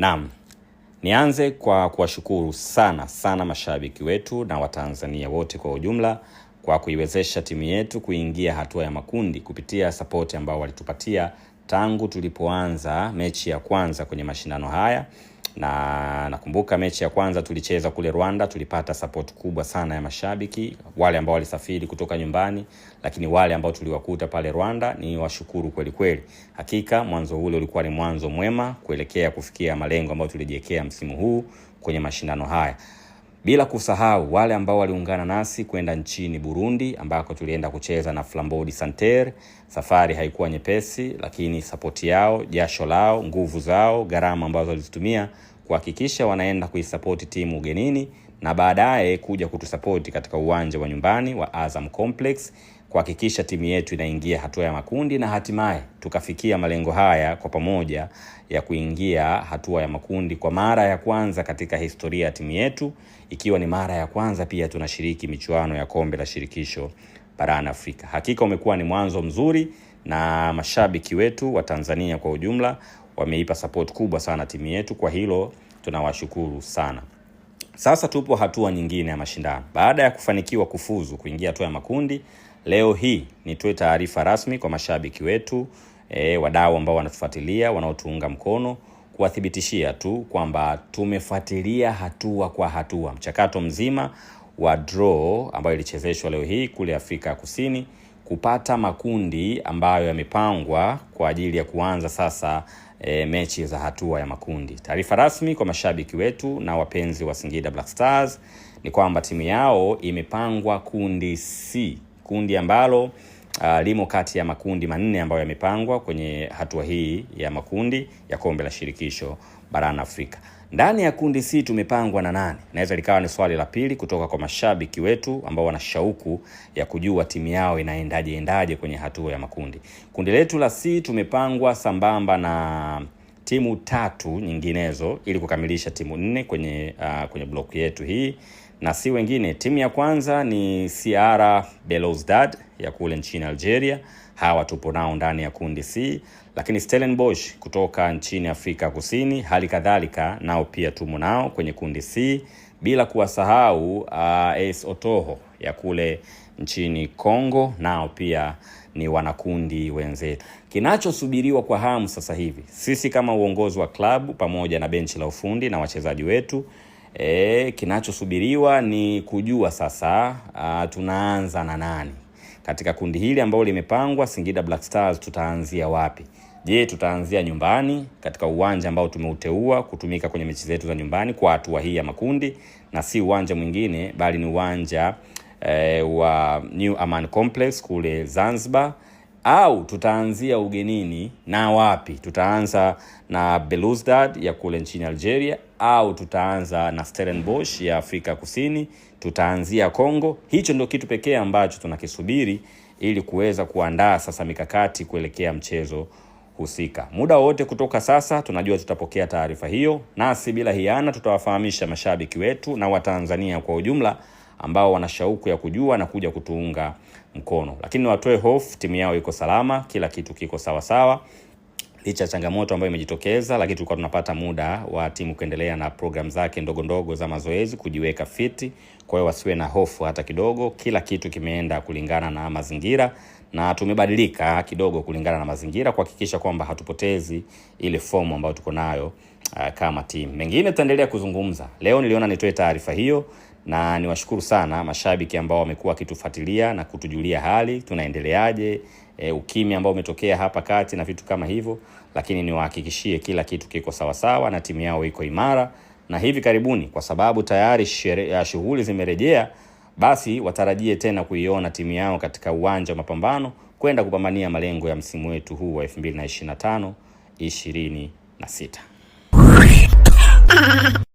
Naam, nianze kwa kuwashukuru sana sana mashabiki wetu na Watanzania wote kwa ujumla kwa kuiwezesha timu yetu kuingia hatua ya makundi kupitia sapoti ambao walitupatia tangu tulipoanza mechi ya kwanza kwenye mashindano haya na nakumbuka mechi ya kwanza tulicheza kule Rwanda, tulipata support kubwa sana ya mashabiki wale ambao walisafiri kutoka nyumbani, lakini wale ambao tuliwakuta pale Rwanda ni washukuru kweli kweli. Hakika mwanzo ule ulikuwa ni mwanzo mwema kuelekea kufikia malengo ambayo tulijiwekea msimu huu kwenye mashindano haya bila kusahau wale ambao waliungana nasi kwenda nchini Burundi ambako tulienda kucheza na flambodi santer Safari haikuwa nyepesi, lakini sapoti yao, jasho lao, nguvu zao, gharama ambazo walizitumia kuhakikisha wanaenda kuisapoti timu ugenini na baadaye kuja kutusapoti katika uwanja wa nyumbani wa Azam Complex kuhakikisha timu yetu inaingia hatua ya makundi na hatimaye tukafikia malengo haya kwa pamoja ya kuingia hatua ya makundi kwa mara ya kwanza katika historia ya timu yetu, ikiwa ni mara ya kwanza pia tunashiriki michuano ya kombe la shirikisho barani Afrika. Hakika umekuwa ni mwanzo mzuri na mashabiki wetu wa Tanzania kwa ujumla wameipa support kubwa sana timu yetu, kwa hilo tunawashukuru sana. Sasa tupo hatua nyingine ya mashindano baada ya kufanikiwa kufuzu kuingia hatua ya makundi Leo hii nitoe taarifa rasmi kwa mashabiki wetu e, wadau ambao wanatufuatilia wanaotuunga mkono kuwathibitishia tu kwamba tumefuatilia hatua kwa hatua mchakato mzima wa draw ambayo ilichezeshwa leo hii kule Afrika Kusini kupata makundi ambayo yamepangwa kwa ajili ya kuanza sasa e, mechi za hatua ya makundi. Taarifa rasmi kwa mashabiki wetu na wapenzi wa Singida Black Stars ni kwamba timu yao imepangwa kundi C kundi ambalo uh, limo kati ya makundi manne ambayo yamepangwa kwenye hatua hii ya makundi ya kombe la shirikisho barani Afrika. Ndani ya kundi C tumepangwa na nani? Naweza likawa ni swali la pili kutoka kwa mashabiki wetu ambao wana shauku ya kujua timu yao inaendaje endaje kwenye hatua ya makundi. Kundi letu la si tumepangwa sambamba na timu tatu nyinginezo ili kukamilisha timu nne kwenye, uh, kwenye block yetu hii na si wengine. Timu ya kwanza ni CR Belouizdad ya kule nchini Algeria, hawa tupo nao ndani ya kundi C, lakini Stellenbosch kutoka nchini Afrika Kusini hali kadhalika nao pia tumo nao kwenye kundi C, bila kuwasahau uh, Otoho ya kule nchini Kongo nao pia ni wanakundi wenzetu. Kinachosubiriwa kwa hamu sasa hivi, sisi kama uongozi wa klabu pamoja na benchi la ufundi na wachezaji wetu E, kinachosubiriwa ni kujua sasa a, tunaanza na nani katika kundi hili ambalo limepangwa Singida Black Stars, tutaanzia wapi? Je, tutaanzia nyumbani katika uwanja ambao tumeuteua kutumika kwenye mechi zetu za nyumbani kwa hatua hii ya makundi, na si uwanja mwingine bali ni uwanja e, wa New Aman Complex kule Zanzibar au tutaanzia ugenini na wapi? Tutaanza na Belouizdad ya kule nchini Algeria au tutaanza na Stellenbosch ya Afrika Kusini? Tutaanzia congo Hicho ndio kitu pekee ambacho tunakisubiri ili kuweza kuandaa sasa mikakati kuelekea mchezo husika. Muda wowote kutoka sasa, tunajua tutapokea taarifa hiyo, nasi bila hiana tutawafahamisha mashabiki wetu na Watanzania kwa ujumla ambao wana shauku ya kujua na kuja kutuunga mkono, lakini watoe hofu, timu yao iko salama, kila kitu kiko sawa sawa licha ya changamoto ambayo imejitokeza, lakini tulikuwa tunapata muda wa timu kuendelea na program zake ndogo ndogo za mazoezi, kujiweka fiti. Kwa hiyo wasiwe na hofu hata kidogo, kila kitu kimeenda kulingana na mazingira na tumebadilika kidogo kulingana na mazingira, kuhakikisha kwamba hatupotezi ile fomu ambayo tuko nayo uh, kama timu. Mengine tutaendelea kuzungumza. Leo niliona nitoe taarifa hiyo na niwashukuru sana mashabiki ambao wamekuwa wakitufuatilia na kutujulia hali tunaendeleaje, e, ukimi ambao umetokea hapa kati na vitu kama hivyo, lakini niwahakikishie kila kitu kiko sawasawa na timu yao iko imara, na hivi karibuni, kwa sababu tayari shughuli zimerejea, basi watarajie tena kuiona timu yao katika uwanja wa mapambano kwenda kupambania malengo ya msimu wetu huu wa 2025 26.